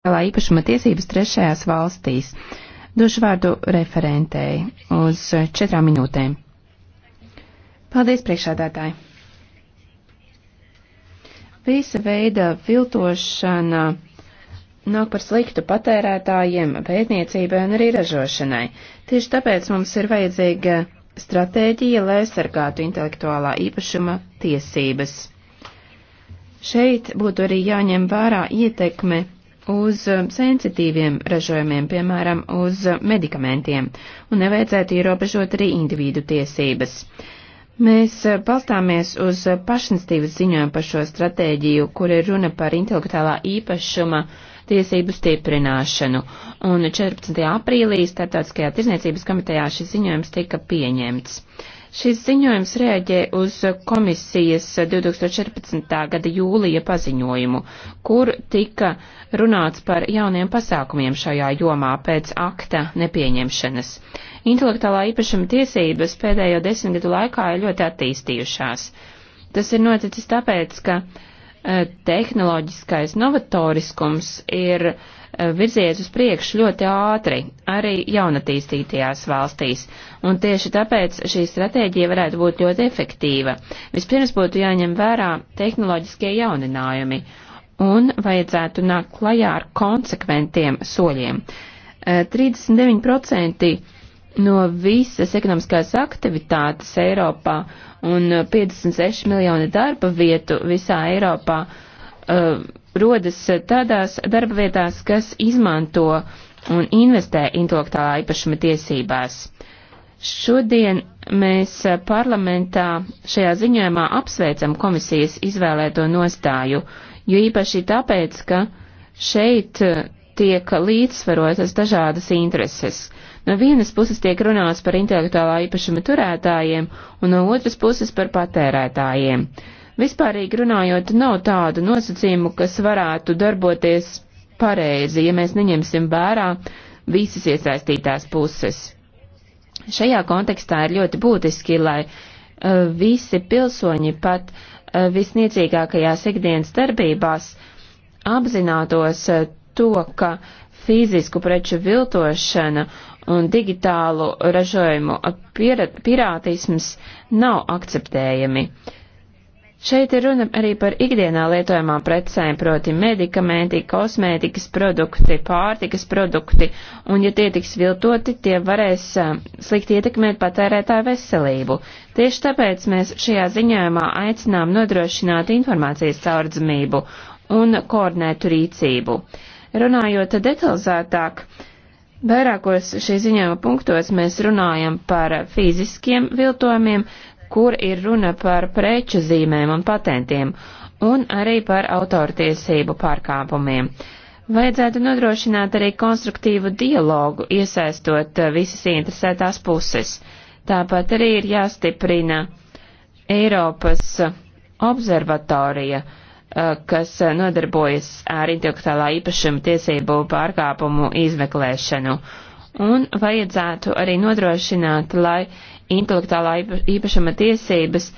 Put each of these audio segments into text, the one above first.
intelektuālā īpašuma tiesības trešajās valstīs. Došu vārdu referentei uz četrām minūtēm. Paldies, priekšādātāji! Visa veida viltošana nāk par sliktu patērētājiem, pētniecībai un arī ražošanai. Tieši tāpēc mums ir vajadzīga stratēģija, lai aizsargātu intelektuālā īpašuma tiesības. Šeit būtu arī jāņem vērā ietekme uz um, sensitīviem ražojumiem, piemēram, uz uh, medikamentiem, un nevajadzētu ierobežot arī individu tiesības. Mēs uh, balstāmies uz uh, pašinstīvas ziņojumu par šo stratēģiju, kur ir runa par intelektuālā īpašuma tiesību stiprināšanu, un 14. aprīlī Startautiskajā tirzniecības komitejā šis ziņojums tika pieņemts. Šis ziņojums reaģē uz komisijas 2014. gada jūlija paziņojumu, kur tika runāts par jauniem pasākumiem šajā jomā pēc akta nepieņemšanas. Intelektuālā īpašuma tiesības pēdējo desmitgadu laikā ir ļoti attīstījušās. Tas ir noticis tāpēc, ka eh, tehnoloģiskais novatoriskums ir uh, virzies uz priekšu ļoti ātri, arī jaunatīstītajās valstīs, un tieši tāpēc šī stratēģija varētu būt ļoti efektīva. Vispirms būtu jāņem vērā tehnoloģiskie jauninājumi, un vajadzētu nākt klajā ar konsekventiem soļiem. 39% eh, no visas ekonomiskās aktivitātes Eiropā un 56 eh, miljoni darba vietu visā Eiropā uh, uh, rodas tādās darba vietās, kas izmanto un investē intelektuālā īpašuma tiesībās. Šodien mēs parlamentā šajā ziņojumā apsveicam komisijas izvēlēto nostāju, jo īpaši tāpēc, ka šeit tiek līdzsvarotas dažādas intereses. No vienas puses tiek runāts par intelektuālā īpašuma turētājiem, un no otras puses par patērētājiem. Uh, Vispārīgi runājot, nav tādu nosacījumu, kas varētu darboties pareizi, ja mēs neņemsim vērā visas iesaistītās puses. Šajā kontekstā ir ļoti būtiski, lai uh, visi pilsoņi pat uh, visniecīgākajās ikdienas darbībās apzinātos uh, to, ka fizisku preču viltošana un digitālu ražojumu pirātisms nav akceptējami. Uh, Šeit ir runa arī par ikdienā lietojamām precēm, proti medikamenti, kosmētikas produkti, pārtikas produkti, un ja tie tiks viltoti, tie varēs um, slikti ietekmēt patērētāju veselību. Tieši tāpēc mēs šajā ziņojumā aicinām nodrošināt informācijas caurdzamību un koordinētu rīcību. Runājot detalizētāk, vairākos šī ziņojuma punktos mēs runājam par fiziskiem viltojumiem, kur ir runa par preču zīmēm un patentiem, un arī par autortiesību pārkāpumiem. Vajadzētu nodrošināt arī konstruktīvu dialogu, iesaistot eh, visas interesētās puses. Tāpat arī ir jāstiprina Eiropas observatorija, eh, kas nodarbojas ar intelektuālā īpašuma tiesību pārkāpumu izmeklēšanu un vajadzētu arī nodrošināt, lai intelektuālā īpašuma tiesības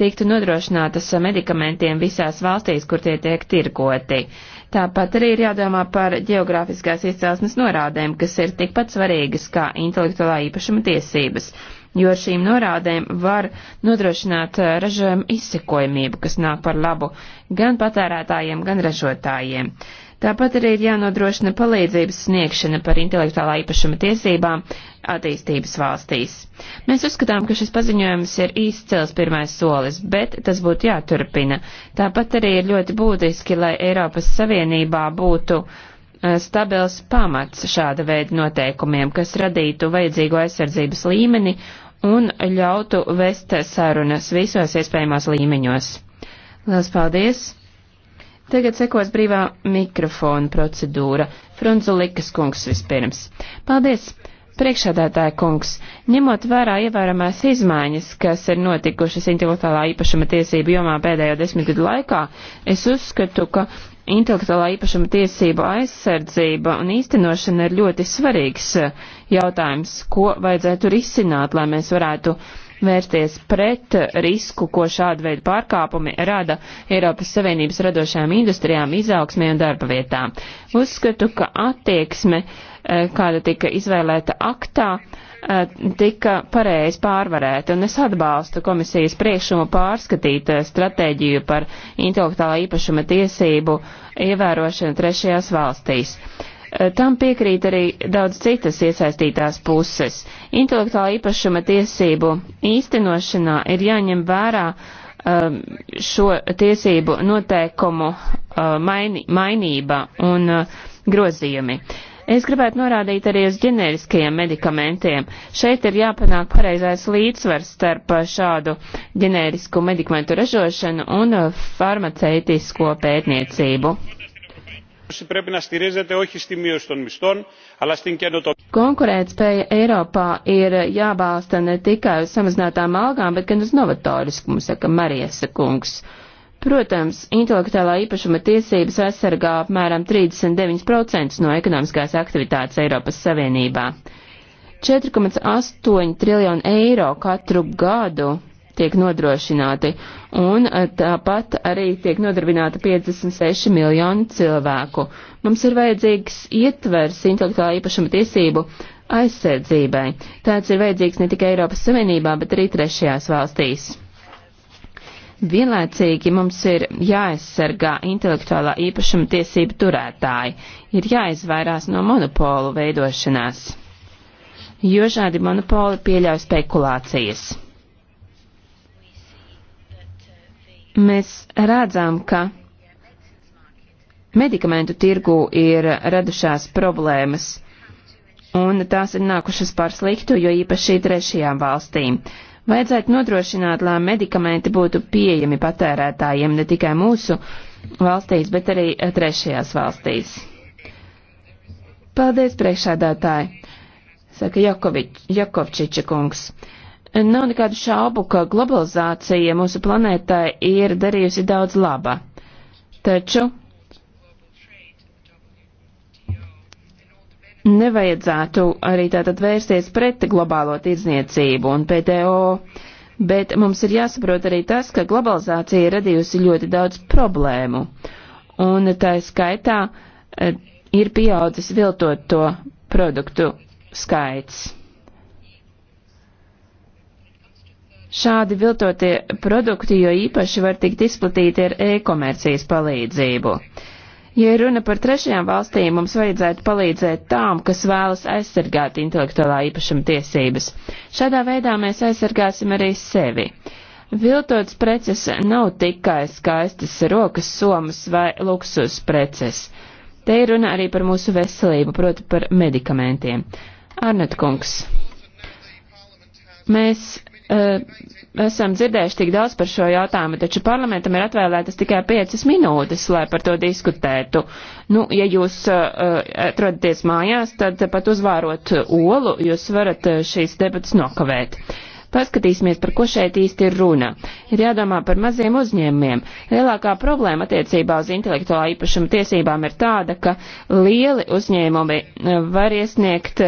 tiktu nodrošinātas medikamentiem visās valstīs, kur tie tiek tirgoti. Tāpat arī ir jādomā par geogrāfiskās izcelsmes norādēm, kas ir tikpat svarīgas kā intelektuālā īpašuma tiesības, jo ar šīm norādēm var nodrošināt eh, ražojumu izsekojamību, kas nāk par labu gan patērētājiem, gan ražotājiem. Uh, Tāpat arī ir jānodrošina palīdzības sniegšana par intelektuālā īpašuma tiesībām attīstības valstīs. Mēs uzskatām, ka šis paziņojums ir izcils pirmais solis, bet tas būtu jāturpina. Tāpat arī ir ļoti būtiski, lai Eiropas Savienībā būtu eh, stabils pamats šāda veida noteikumiem, kas radītu vajadzīgo aizsardzības līmeni un ļautu vest sarunas visos iespējamos līmeņos. Lielas paldies! Tagad sekos brīvā mikrofona procedūra. Frunzulikas kungs vispirms. Paldies! Priekšādātāja kungs, ņemot vērā ievērojamās izmaiņas, kas ir notikušas intelektuālā īpašuma tiesību jomā pēdējo desmitgadu laikā, es uzskatu, ka intelektuālā īpašuma tiesība aizsardzība un īstenošana ir ļoti svarīgs eh, jautājums, ko vajadzētu risināt, lai mēs varētu vērsties pret risku, ko šāda veida pārkāpumi rada Eiropas Savienības radošajām industrijām, izaugsmē un darba vietām. Uzskatu, ka attieksme, e, kāda tika izvēlēta aktā, e, tika pareizi pārvarēta, un es atbalstu komisijas priekšumu pārskatīt e, stratēģiju par intelektuālā īpašuma tiesību ievērošanu trešajās valstīs. Eh, tam piekrīt arī daudz citas iesaistītās puses. Intelektuāla īpašuma tiesību īstenošanā ir jāņem vērā um, šo tiesību noteikumu uh, maini, mainība un uh, grozījumi. Es gribētu norādīt arī uz ģeneriskajiem medikamentiem. Šeit ir jāpanāk pareizais līdzsvars starp šādu ģenerisku medikamentu ražošanu un farmaceitisko pētniecību. Konkurētspēja Eiropā ir jābalsta ne tikai uz samazinātām algām, bet gan uz novatoriskumu, saka Marijas kungs. Protams, intelektuālā īpašuma tiesības aizsargā apmēram 39% no ekonomiskās aktivitātes Eiropas Savienībā. 4,8 triljonu eiro katru gadu tiek nodrošināti, un eh, tāpat arī tiek nodarbināta 56 miljoni cilvēku. Mums ir vajadzīgs ietvers intelektuālā īpašuma tiesību aizsardzībai. Tāds ir vajadzīgs ne tikai Eiropas Savienībā, bet arī trešajās valstīs. Vienlaicīgi mums ir jāaizsargā intelektuālā īpašuma tiesību turētāji, ir jāizvairās no monopolu veidošanās, jo šādi monopoli pieļauj spekulācijas. Mēs redzam, ka medikamentu tirgu ir radušās problēmas, un tās ir nākušas par sliktu, jo īpaši trešajām valstīm. Vajadzētu nodrošināt, lai medikamenti būtu pieejami patērētājiem ne tikai mūsu valstīs, bet arī trešajās valstīs. Paldies, priekšādātāji! Saka Jakovič, Jakovčiča kungs. Nav nekādu šaubu, ka globalizācija mūsu planētai ir darījusi daudz laba. Taču nevajadzētu arī tātad vērsties pret globālo tirdzniecību un PTO, bet mums ir jāsaprot arī tas, ka globalizācija ir radījusi ļoti daudz problēmu, un tā skaitā eh, ir pieaudzis viltoto produktu skaits. Šādi viltotie produkti, jo īpaši var tikt izplatīti ar e-komercijas palīdzību. Ja runa par trešajām valstīm, mums vajadzētu palīdzēt tām, kas vēlas aizsargāt intelektuālā īpašuma tiesības. Šādā veidā mēs aizsargāsim arī sevi. Viltots preces nav tikai skaistas rokas somas vai luksus preces. Te ir runa arī par mūsu veselību, proti par medikamentiem. Arnett kungs, mēs Eh, esam dzirdējuši tik daudz par šo jautājumu, taču parlamentam ir atvēlētas tikai piecas minūtes, lai par to diskutētu. Nu, ja jūs eh, atrodaties mājās, tad pat uzvārot olu, jūs varat eh, šīs debatas nokavēt. Paskatīsimies, par ko šeit īsti ir runa. Ir jādomā par maziem uzņēmumiem. Lielākā problēma attiecībā uz intelektuālā īpašuma tiesībām ir tāda, ka lieli uzņēmumi var iesniegt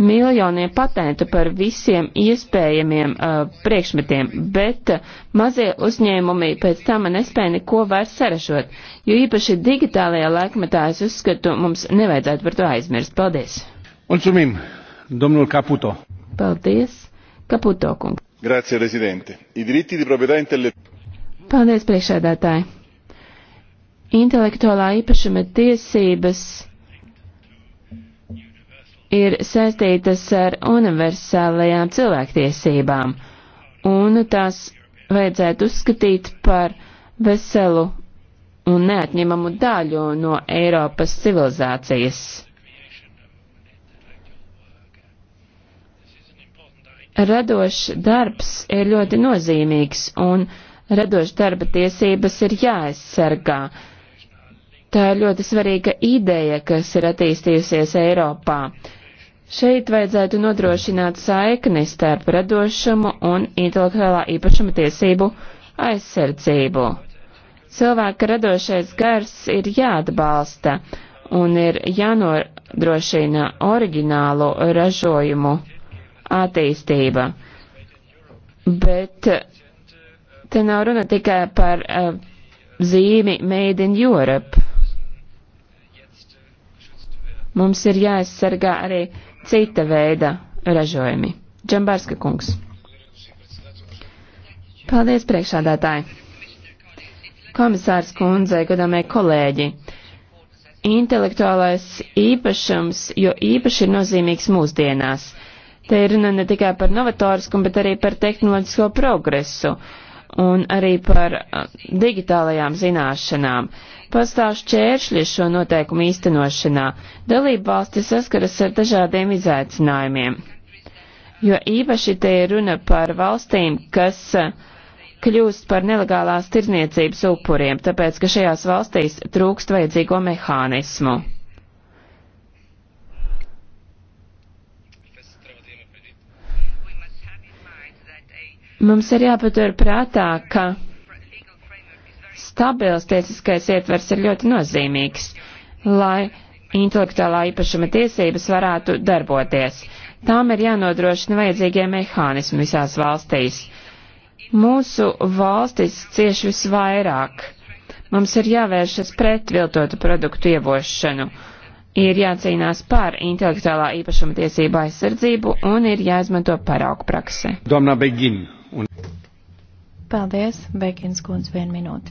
miljoniem patentu par visiem iespējamiem uh, priekšmetiem, bet uh, mazie uzņēmumi pēc tam nespēja neko vairs saražot, jo īpaši digitālajā laikmetā es uzskatu, mums nevajadzētu par to aizmirst. Paldies! Mulțumim, domnul Caputo. Paldies, Caputo kungs. Grazie, Presidente. I diritti di proprietà intellettuale. Paldies, priekšēdētāji. Intelektuālā īpašuma tiesības ir saistītas ar universālajām cilvēktiesībām, un tās vajadzētu uzskatīt par veselu un neatņemamu daļu no Eiropas civilizācijas. Radošs darbs ir ļoti nozīmīgs, un radošs darba tiesības ir jāaizsargā. Tā ir ļoti svarīga ideja, kas ir attīstījusies Eiropā. Šeit vajadzētu nodrošināt saikni starp radošumu un intelektuālā īpašuma tiesību aizsardzību. Cilvēka radošais gars ir jāatbalsta un ir jānodrošina oriģinālu ražojumu attīstība. Bet te nav runa tikai par uh, zīmi Made in Europe. Mums ir jāaizsargā arī uh, cita veida ražojumi. Džambārska kungs. Paldies, priekšādātāji. Komisārs kundze, godāmie kolēģi. Intelektuālais īpašums, jo īpaši ir nozīmīgs mūsdienās. Te ir runa ne tikai par novatoriskumu, bet arī par tehnoloģisko progresu. Uh, un arī par uh, digitālajām zināšanām. Pastāv šķēršļi šo noteikumu īstenošanā. Dalība valstis saskaras ar dažādiem izaicinājumiem, jo īpaši te ir runa par valstīm, kas uh, kļūst par nelegālās tirzniecības upuriem, tāpēc, ka šajās valstīs trūkst vajadzīgo mehānismu. Mums ir jāpatur prātā, ka stabils tiesiskais ietvers ir ļoti nozīmīgs, lai intelektuālā īpašuma tiesības varētu darboties. Tām ir jānodrošina vajadzīgie mehānismi visās valstīs. Mūsu valstis cieš visvairāk. Mums ir jāvēršas pret viltotu produktu ievošanu, ir jācīnās par intelektuālā īpašuma tiesību aizsardzību un ir jāizmanto paraugu praksē. Domnā Begina. Paldies, Bekins kundz, vienu minūti.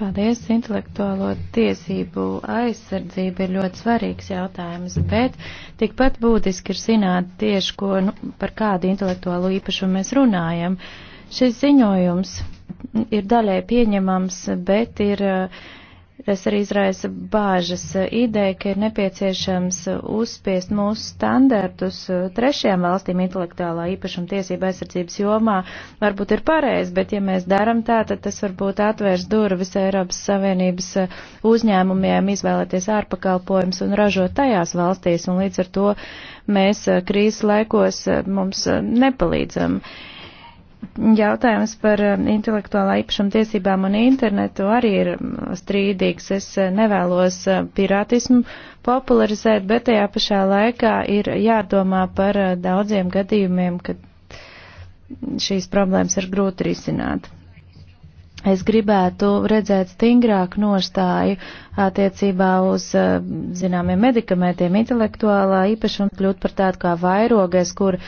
Paldies, intelektuālo tiesību aizsardzība ir ļoti svarīgs jautājums, bet tikpat būtiski ir zināt tieši, ko, nu, par kādu intelektuālo īpašumu mēs runājam. Šis ziņojums ir daļai pieņemams, bet ir uh, Tas arī izraisa bāžas ideja, ka ir nepieciešams uzspiest mūsu standartus trešajām valstīm intelektuālā īpašuma tiesība aizsardzības jomā. Varbūt ir pareizi, bet ja mēs daram tā, tad tas varbūt atvērs durvis Eiropas Savienības uzņēmumiem izvēlēties ārpakalpojums un ražot tajās valstīs, un līdz ar to mēs krīzes laikos mums nepalīdzam. Uh, jautājums par eh, intelektuālā īpašuma tiesībām un internetu arī ir mm, strīdīgs. Es eh, nevēlos eh, pirātismu popularizēt, bet tajā pašā laikā ir jādomā par daudziem gadījumiem, kad šīs problēmas ir grūti risināt. Es gribētu redzēt stingrāku nostāju attiecībā uz eh, zināmiem medikamentiem, intelektuālā īpašuma kļūt par tādu kā vairogais, kur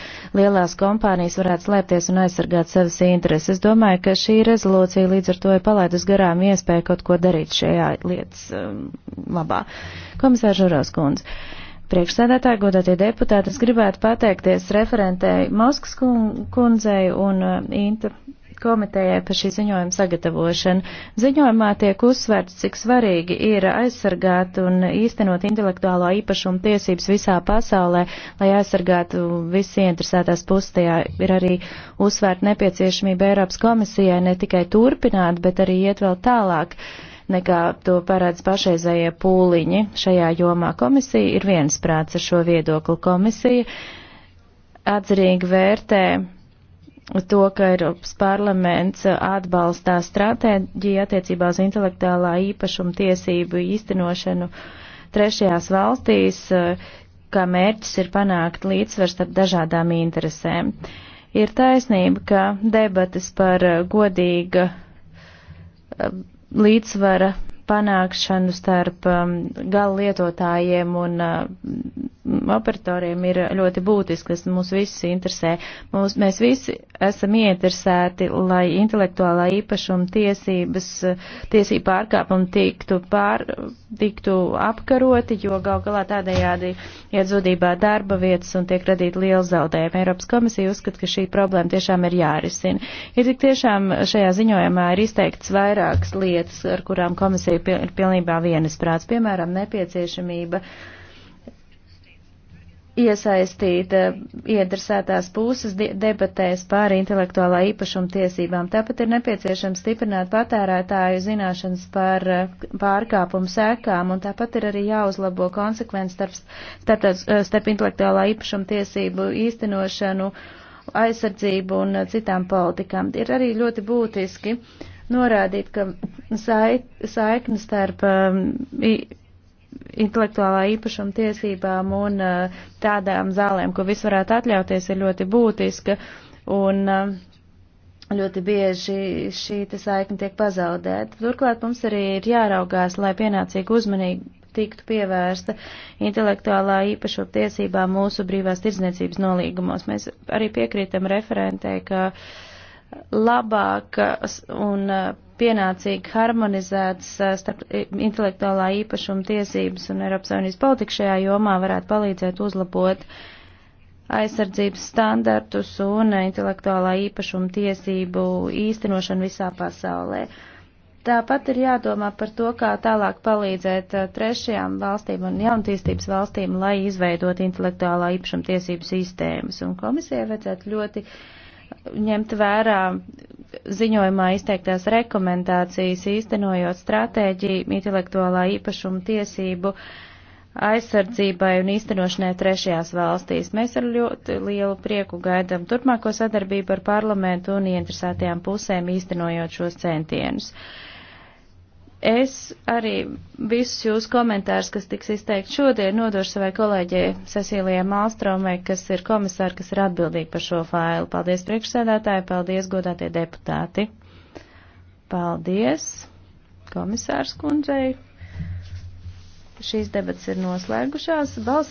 lielās kompānijas varētu slēpties un aizsargāt savas intereses. Es domāju, ka šī rezolūcija līdz ar to ir palaidus garām iespēju kaut ko darīt šajā lietas um, labā. Komisārs Žurās kundze. Priekšsēdētāji, godātie deputāti, es gribētu pateikties referentei Moskas kundzei un uh, Inta komitejai par šī ziņojuma sagatavošanu. Ziņojumā tiek uzsverts, cik svarīgi ir aizsargāt un īstenot intelektuālo īpašumu tiesības visā pasaulē, lai aizsargātu visi interesētās pustajā. Ir arī uzsvērt nepieciešamība Eiropas komisijai ne tikai turpināt, bet arī iet vēl tālāk nekā to parāds pašreizējie pūliņi šajā jomā. Komisija ir viensprāts ar šo viedokli. Komisija atzirīgi vērtē to, ka Eiropas parlaments atbalstā stratēģiju attiecībā uz intelektuālā īpašuma tiesību īstenošanu trešajās valstīs, kā mērķis ir panākt līdzsvars starp dažādām interesēm. Ir taisnība, ka debatas par godīga eh, līdzsvara panākšanu starp um, gala lietotājiem un um, operatoriem ir ļoti būtiski, tas mūs visus interesē. Mūs, mēs visi esam ieinteresēti, lai intelektuālā īpašuma tiesības, tiesība pārkāpuma tiktu, pār, tiktu apkaroti, jo gal galā tādējādi iet zudībā darba vietas un tiek radīti liela zaudējuma. Eiropas komisija uzskata, ka šī problēma tiešām ir jārisina. Ir tik tiešām šajā ziņojumā ir izteikts vairākas lietas, ar kurām komisija bija pilnībā vienas prāts, piemēram, nepieciešamība iesaistīt eh, iedrasētās puses debatēs par intelektuālā īpašuma tiesībām. Tāpat ir nepieciešams stiprināt patērētāju zināšanas par eh, pārkāpumu sēkām, un tāpat ir arī jāuzlabo konsekvences starp, starp, eh, starp intelektuālā īpašuma tiesību īstenošanu, aizsardzību un citām politikām. Ir arī ļoti būtiski. Uh, norādīt, ka saiknes starp um, intelektuālā īpašuma tiesībām un uh, tādām zālēm, ko viss varētu atļauties, ir ļoti būtiska. Un, uh, Ļoti bieži šī saikne tiek pazaudēta. Turklāt mums arī ir jāraugās, lai pienācīgi uzmanīgi tiktu pievērsta intelektuālā īpašuma tiesībām mūsu brīvās tirdzniecības nolīgumos. Mēs arī piekrītam referentē, ka uh, labāka un uh, pienācīgi harmonizētas uh, starp intelektuālā īpašuma tiesības un Eiropas Savienības politika šajā jomā varētu palīdzēt uzlabot aizsardzības standartus un intelektuālā īpašuma tiesību īstenošanu visā pasaulē. Tāpat ir jādomā par to, kā tālāk palīdzēt uh, trešajām valstīm un jauntīstības valstīm, lai izveidot intelektuālā īpašuma tiesību sistēmas. Un komisija vajadzētu ļoti uh, ņemt vērā ziņojumā izteiktās rekomendācijas, īstenojot stratēģiju intelektuālā īpašuma tiesību aizsardzībai un īstenošanai trešajās valstīs. Mēs ar ļoti lielu prieku gaidām turpmāko sadarbību ar parlamentu un ieinteresētajām pusēm īstenojot šos centienus. Uh, Es arī visus jūs komentārus, kas tiks izteikt šodien, nodošu savai kolēģei Cecīlijai Malstromai, kas ir komisāra, kas ir atbildīga par šo failu. Paldies priekšsēdētāji, paldies godātie deputāti. Paldies komisārs kundzei. Šīs debats ir noslēgušās. Balsā